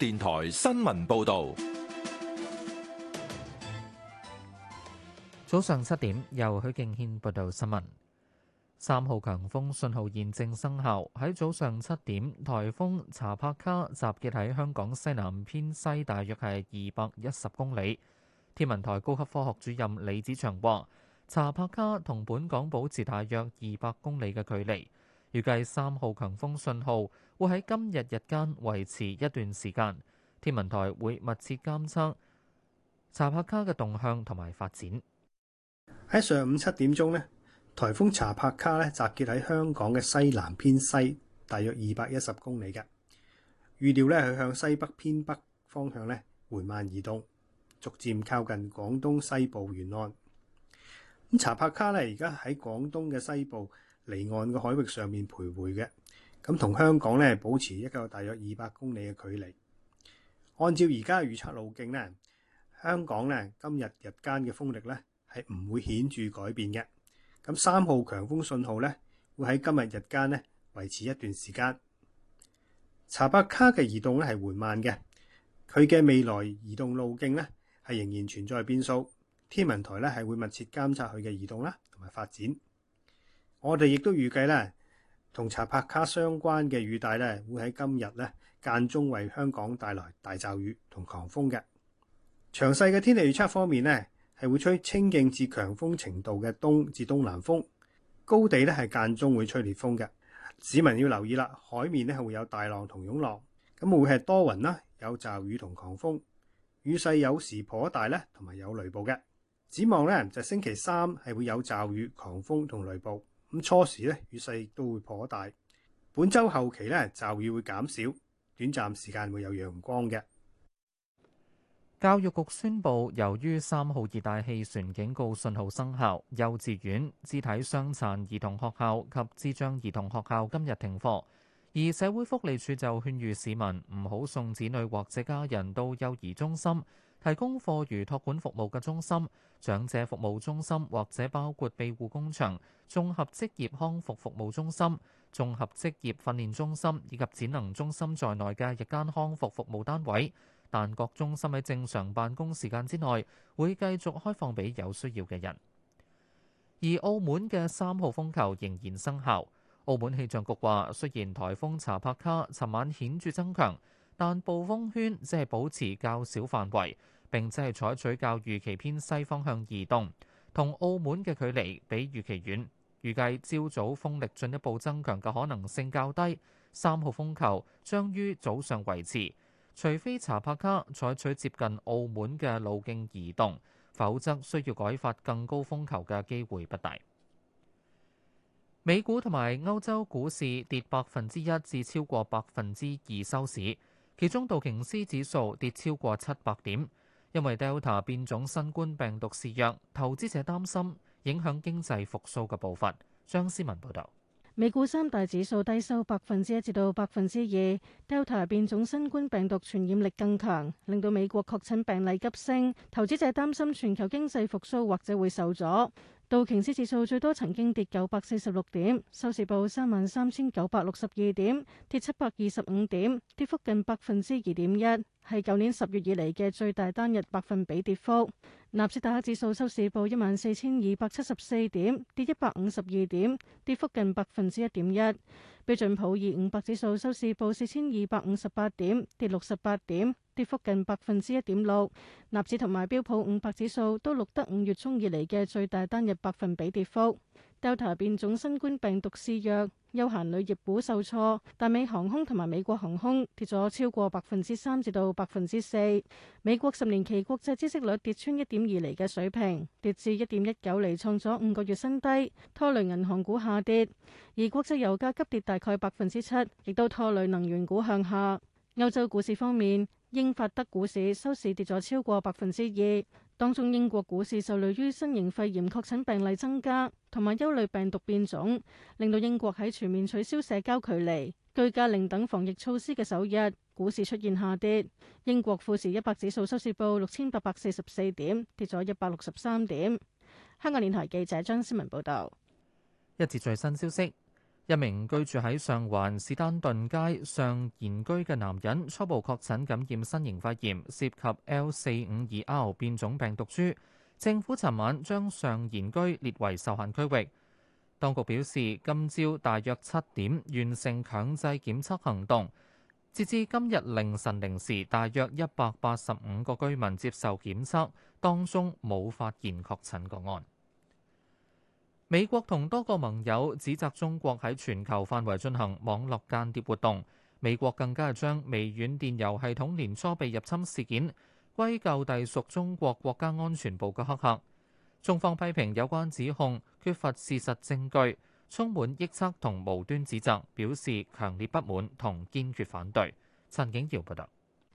電台新聞報道，早上七點由許敬軒報道新聞。三號強風信號現正生效，喺早上七點，颱風查帕卡集結喺香港西南偏西，大約係二百一十公里。天文台高級科學主任李子祥話，查帕卡同本港保持大約二百公里嘅距離。預計三號強風信號會喺今日日間維持一段時間，天文台會密切監測查帕卡嘅動向同埋發展。喺上午七點鐘呢，颱風查帕卡呢，集結喺香港嘅西南偏西，大約二百一十公里嘅，預料呢，係向西北偏北方向呢，緩慢移動，逐漸靠近廣東西部沿岸。咁查帕卡呢，而家喺廣東嘅西部，離岸嘅海域上面徘徊嘅，咁同香港咧保持一個大約二百公里嘅距離。按照而家嘅預測路徑呢，香港咧今日日間嘅風力咧係唔會顯著改變嘅。咁三號強風信號咧會喺今日日間咧維持一段時間。查帕卡嘅移動咧係緩慢嘅，佢嘅未來移動路徑咧係仍然存在變數。天文台咧係會密切監察佢嘅移動啦同埋發展。我哋亦都預計咧，同查帕卡相關嘅雨帶咧，會喺今日咧間中為香港帶來大驟雨同狂風嘅。詳細嘅天氣預測方面呢，係會吹清勁至強風程度嘅東至東南風，高地咧係間中會吹烈風嘅。市民要留意啦，海面咧係會有大浪同湧浪，咁會係多雲啦，有驟雨同狂風，雨勢有時頗大咧，同埋有雷暴嘅。展望咧就星期三係會有驟雨、狂風同雷暴。咁初時咧雨勢都會頗大，本週後期咧驟雨會減少，短暫時間會有陽光嘅。教育局宣布，由於三號熱帶氣旋警告信號生效，幼稚園、肢體傷殘兒童學校及智障兒童學校今日停課，而社會福利署就勸喻市民唔好送子女或者家人到幼兒中心。提供課餘托管服務嘅中心、長者服務中心或者包括庇護工場、綜合職業康復服務中心、綜合職業訓練中心以及展能中心在內嘅日間康復服務單位，但各中心喺正常辦公時間之內，會繼續開放俾有需要嘅人。而澳門嘅三號風球仍然生效。澳門氣象局話，雖然颱風查帕卡尋晚顯著增強。但暴風圈只係保持較小範圍，並且係採取較預期偏西方向移動，同澳門嘅距離比預期遠。預計朝早風力進一步增強嘅可能性較低，三號風球將於早上維持，除非查帕卡採取接近澳門嘅路徑移動，否則需要改發更高風球嘅機會不大。美股同埋歐洲股市跌百分之一至超過百分之二收市。其中道瓊斯指數跌超過七百點，因為 Del 變 Delta 變種新冠病毒肆虐，投資者擔心影響經濟復甦嘅步伐。張思文報導，美股三大指數低收百分之一至到百分之二，Delta 變種新冠病毒傳染力更強，令到美國確診病例急升，投資者擔心全球經濟復甦或者會受阻。道瓊斯指數最多曾經跌九百四十六點，收市報三萬三千九百六十二點，跌七百二十五點，跌幅近百分之二點一，係舊年十月以嚟嘅最大單日百分比跌幅。納斯達克指數收市報一萬四千二百七十四點，跌一百五十二點，跌幅近百分之一點一。標準普爾五百指數收市報四千二百五十八點，跌六十八點，跌幅近百分之一點六，納指同埋標普五百指數都錄得五月中以嚟嘅最大單日百分比跌幅。Delta 變種新冠病毒肆虐，休閒旅業股受挫，達美航空同埋美國航空跌咗超過百分之三至到百分之四。美國十年期國債孳息率跌穿一點二厘嘅水平，跌至一點一九厘，創咗五個月新低，拖累銀行股下跌。而國際油價急跌大概百分之七，亦都拖累能源股向下。歐洲股市方面。英法德股市收市跌咗超過百分之二，當中英國股市受累於新型肺炎確診病例增加同埋憂慮病毒變種，令到英國喺全面取消社交距離、居家令等防疫措施嘅首日，股市出現下跌。英國富時一百指數收市報六千八百四十四點，跌咗一百六十三點。香港電台記者張思文報道。一節最新消息。一名居住喺上環士丹頓街上賢居嘅男人初步確診感染新型肺炎，涉及 L452R 變種病毒株。政府尋晚將上賢居列為受限區域。當局表示，今朝大約七點完成強制檢測行動，截至今日凌晨零時，大約一百八十五個居民接受檢測，當中冇發現確診個案。美國同多個盟友指責中國喺全球範圍進行網絡間諜活動。美國更加係將微軟電郵系統年初被入侵事件歸咎隸屬中國國家安全部嘅黑客。中方批評有關指控缺乏事實證據，充滿臆測同無端指責，表示強烈不滿同堅決反對。陳景耀報導。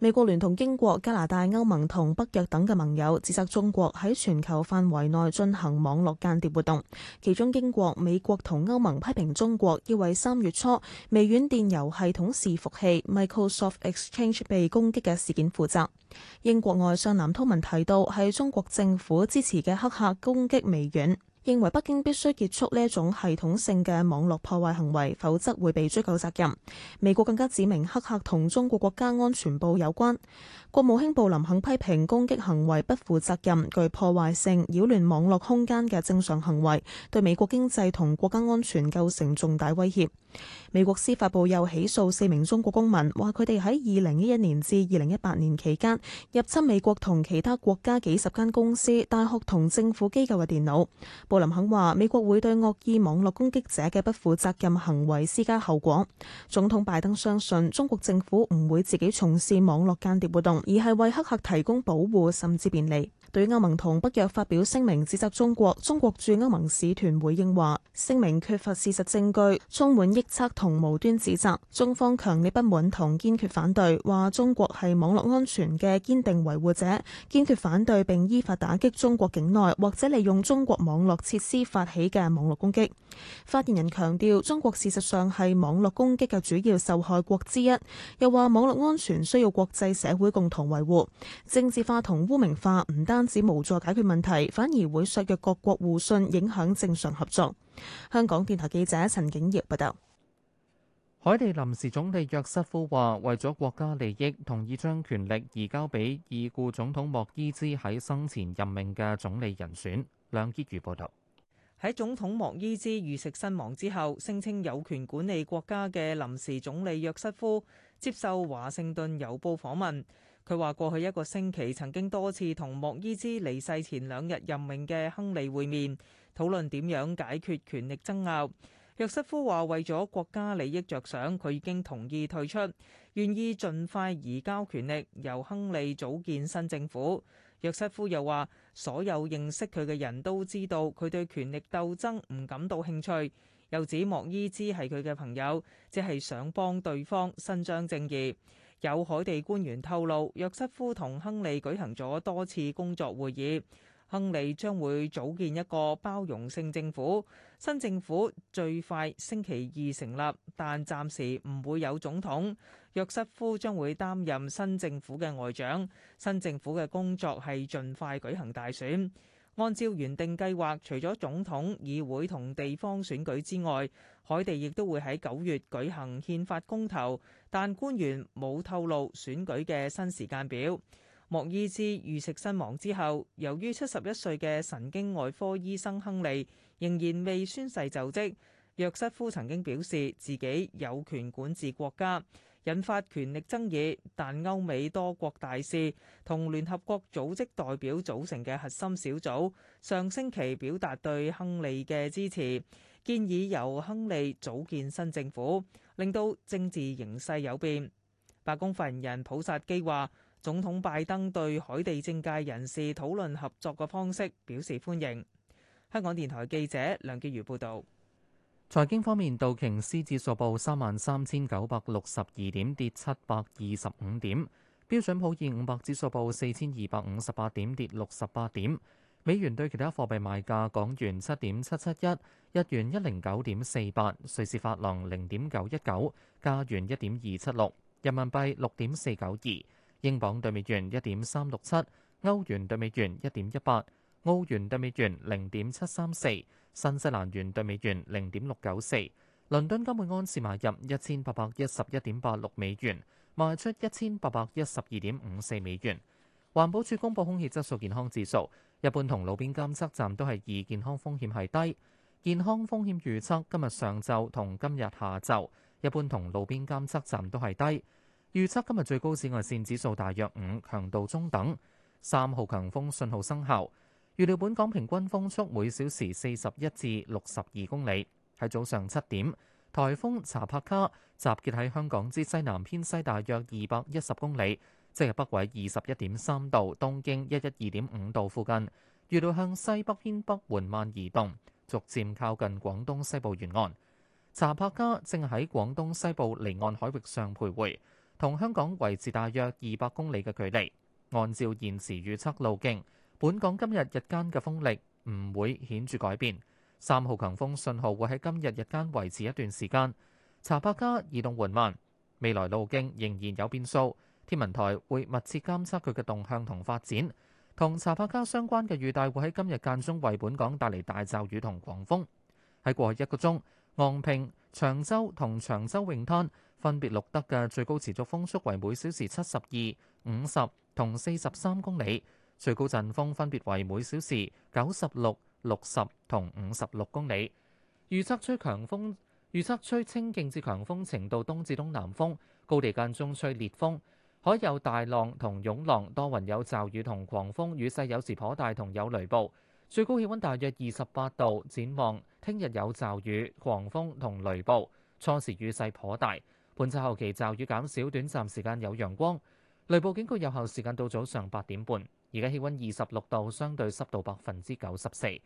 美國聯同英國、加拿大、歐盟同北約等嘅盟友指責中國喺全球範圍內進行網絡間諜活動，其中英國、美國同歐盟批評中國要為三月初微軟電郵系統伺服器 Microsoft Exchange 被攻擊嘅事件負責。英國外相藍韜文提到，係中國政府支持嘅黑客攻擊微軟。認為北京必須結束呢一種系統性嘅網絡破壞行為，否則會被追究責任。美國更加指明黑客同中國國家安全部有關。國務卿布林肯批評攻擊行為不負責任、具破壞性、擾亂網絡空間嘅正常行為，對美國經濟同國家安全構成重大威脅。美國司法部又起訴四名中國公民，話佢哋喺二零一一年至二零一八年期間入侵美國同其他國家幾十間公司、大學同政府機構嘅電腦。布林肯話：美國會對惡意網絡攻擊者嘅不負責任行為施加後果。總統拜登相信中國政府唔會自己從事網絡間諜活動，而係為黑客提供保護甚至便利。對歐盟同北約發表聲明指責中國，中國駐歐盟使團回應話：聲明缺乏事實證據，充滿臆測同無端指責，中方強烈不滿同堅決反對。話中國係網絡安全嘅堅定維護者，堅決反對並依法打擊中國境內或者利用中國網絡設施發起嘅網絡攻擊。發言人強調，中國事實上係網絡攻擊嘅主要受害國之一。又話網絡安全需要國際社會共同維護，政治化同污名化唔得。不止無助解決問題，反而會削弱各國互信，影響正常合作。香港電台記者陳景業報道。海地臨時總理約瑟夫話：為咗國家利益，同意將權力移交俾已故總統莫伊茲喺生前任命嘅總理人選。梁潔如報導。喺總統莫伊茲遇刺身亡之後，聲稱有權管理國家嘅臨時總理約瑟夫接受華盛頓郵報訪問。佢話：過去一個星期，曾經多次同莫伊茲離世前兩日任命嘅亨利會面，討論點樣解決權力爭拗。約瑟夫話：為咗國家利益着想，佢已經同意退出，願意盡快移交權力，由亨利組建新政府。約瑟夫又話：所有認識佢嘅人都知道，佢對權力鬥爭唔感到興趣。又指莫伊茲係佢嘅朋友，即係想幫對方伸張正義。有海地官員透露，約瑟夫同亨利舉行咗多次工作會議。亨利將會組建一個包容性政府，新政府最快星期二成立，但暫時唔會有總統。約瑟夫將會擔任新政府嘅外長。新政府嘅工作係盡快舉行大選。按照原定計劃，除咗總統、議會同地方選舉之外，海地亦都會喺九月舉行憲法公投，但官員冇透露選舉嘅新時間表。莫伊茲遇刺身亡之後，由於七十一歲嘅神經外科醫生亨利仍然未宣誓就職，約瑟夫曾經表示自己有權管治國家。引發權力爭議，但歐美多國大使同聯合國組織代表組成嘅核心小組，上星期表達對亨利嘅支持，建議由亨利組建新政府，令到政治形勢有變。白宮發言人普薩基話，總統拜登對海地政界人士討論合作嘅方式表示歡迎。香港電台記者梁潔如報道。財經方面，道瓊斯指數報三萬三千九百六十二點，跌七百二十五點；標準普爾五百指數報四千二百五十八點，跌六十八點。美元對其他貨幣賣價：港元七點七七一，日元一零九點四八，瑞士法郎零點九一九，加元一點二七六，人民幣六點四九二，英鎊對美元一點三六七，歐元對美元一點一八，澳元對美元零點七三四。新西蘭元對美元零點六九四，倫敦金本安士買入一千八百一十一點八六美元，賣出一千八百一十二點五四美元。環保署公布空氣質素健康指數，一般同路邊監測站都係二，健康風險係低。健康風險預測今，上今日上晝同今日下晝，一般同路邊監測站都係低。預測今日最高紫外線指數大約五，強度中等，三號強風信號生效。預料本港平均風速每小時四十一至六十二公里。喺早上七點，颱風查帕卡集結喺香港之西南偏西大約二百一十公里，即係北緯二十一點三度、東經一一二點五度附近。預料向西北偏北緩慢移動，逐漸靠近廣東西部沿岸。查帕卡正喺廣東西部離岸海域上徘徊，同香港維持大約二百公里嘅距離。按照現時預測路徑。本港今日日間嘅風力唔會顯著改變，三號強風信號會喺今日日間維持一段時間。查帕加移動緩慢，未來路徑仍然有變數。天文台會密切監測佢嘅動向同發展。同查帕加相關嘅雨帶會喺今日間中為本港帶嚟大驟雨同狂風。喺過去一個鐘，昂坪、長洲同長洲泳灘分別錄得嘅最高持續風速為每小時七十二、五十同四十三公里。最高陣風分別為每小時九十六、六十同五十六公里。預測吹強風，預測吹清勁至強風程度，東至東南風，高地間中吹烈風，海有大浪同湧浪，多雲有驟雨同狂風，雨勢有時頗大，同有雷暴。最高氣温大約二十八度。展望聽日有驟雨、狂風同雷暴，初時雨勢頗大，半晝後期驟雨減少，短暫時間有陽光。雷暴警告有效時間到早上八點半。而家氣温二十六度，相對濕度百分之九十四。